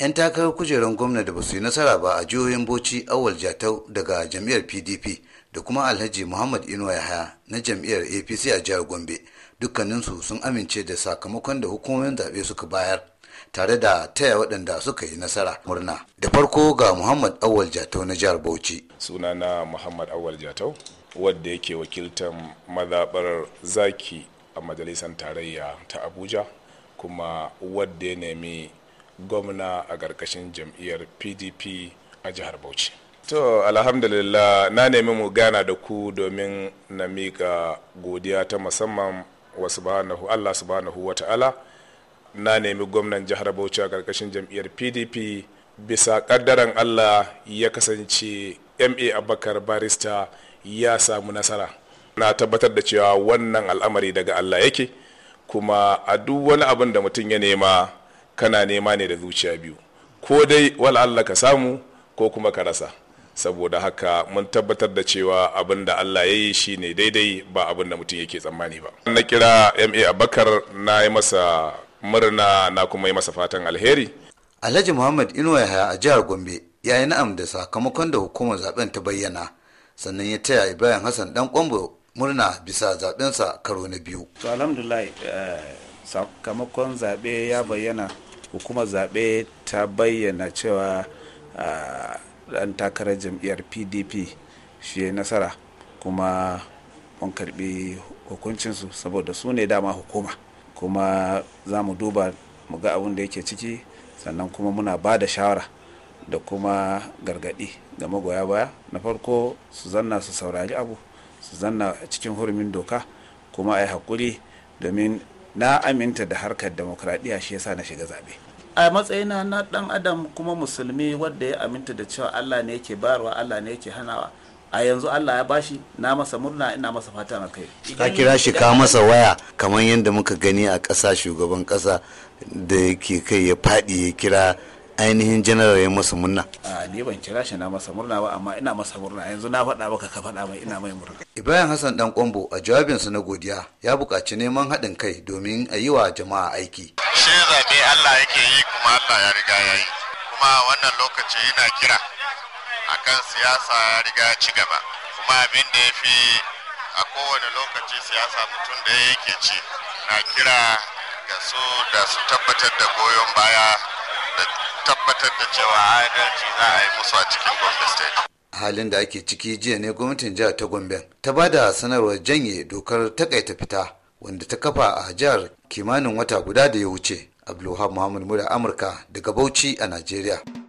'yan takarar kujerar gwamna da ba su yi nasara ba a jihohin bauchi awal jatau daga jam'iyyar pdp da kuma alhaji muhammad inuwa yahaya na jam'iyyar apc a jihar gombe dukkaninsu sun amince da sakamakon da hukumomin zaɓe suka bayar tare da taya waɗanda suka yi nasara murna da farko ga muhammad awal jatau na jihar bauchi sunana muhammad awal jatau wadda yake wakiltar mazaɓar zaki a majalisar tarayya ta abuja kuma wadda ya nemi gwamna a ƙarƙashin jam'iyyar pdp a jihar bauchi to alhamdulillah na nemi mu gana da ku domin na miƙa godiya ta musamman wa subhanahu allah subhanahu wa ta'ala na nemi gwamnan jihar bauchi a ƙarƙashin jam'iyyar pdp bisa ƙaddaren allah ya kasance ma abakar barista ya samu nasara na tabbatar da cewa wannan al'amari daga allah yake kuma a duk wani abin da mutum ya nema kana nema ne da zuciya biyu ko dai Allah ka samu ko kuma ka rasa saboda haka mun tabbatar da cewa abin da Allah ya yi shi ne daidai ba abin da mutum yake tsammani ba na kira ma abakar na yi masa murna na kuma yi masa fatan alheri alhaji muhammad inuwa yahaya a jihar gombe ya yi na'am da sakamakon da hukumar zaben ta bayyana sannan ya taya ibrahim hassan dan kwambo murna bisa sa karo na biyu to alhamdulillah eh, sakamakon zaɓe ya bayyana hukumar zaɓe ta bayyana cewa ɗan takarar jam'iyyar pdp shi ya nasara kuma mun karbi hukuncinsu saboda su ne dama hukuma kuma za mu duba mu ga abin da yake ciki sannan kuma muna ba da shawara da kuma gargaɗi ga magoya baya na farko su zanna su saurari abu su zanna cikin hurumin doka kuma a yi haƙuri domin na aminta da harkar demokradiyya shi yasa na shiga zabe a matsayina na dan adam kuma musulmi wanda ya aminta da cewa Allah ne yake barwa Allah ne yake hanawa a yanzu Allah ya bashi na masa murna ina masa fata na kai ka kira shi ka masa waya kamar yadda muka gani a ƙasa shugaban ƙasa da yake kai ya faɗi ya kira ainihin janar ya masa murna a ni ban kira shi na masa murna ba amma ina masa murna yanzu na faɗa maka ka faɗa mai ina mai murna ibrahim hassan dan kwambo a jawabinsa na godiya ya buƙaci neman haɗin kai domin a yi wa jama'a aiki shi zaɓe allah yake yi kuma allah ya riga ya yi kuma wannan lokaci yana kira akan siyasa ya riga ci gaba kuma abin da ya fi a kowane lokaci siyasa mutum da yake ci na kira ga su da su tabbatar da goyon baya tabbatar da cewa adalci za a yi musu halin da ake ciki jiya ne gwamnatin jihar ta Gombe ta ba da sanarwar janye dokar takaita fita wanda ta kafa a jihar kimanin wata guda da ya wuce. Abdulwahab Muhammad Mura Amurka daga Bauchi a Najeriya.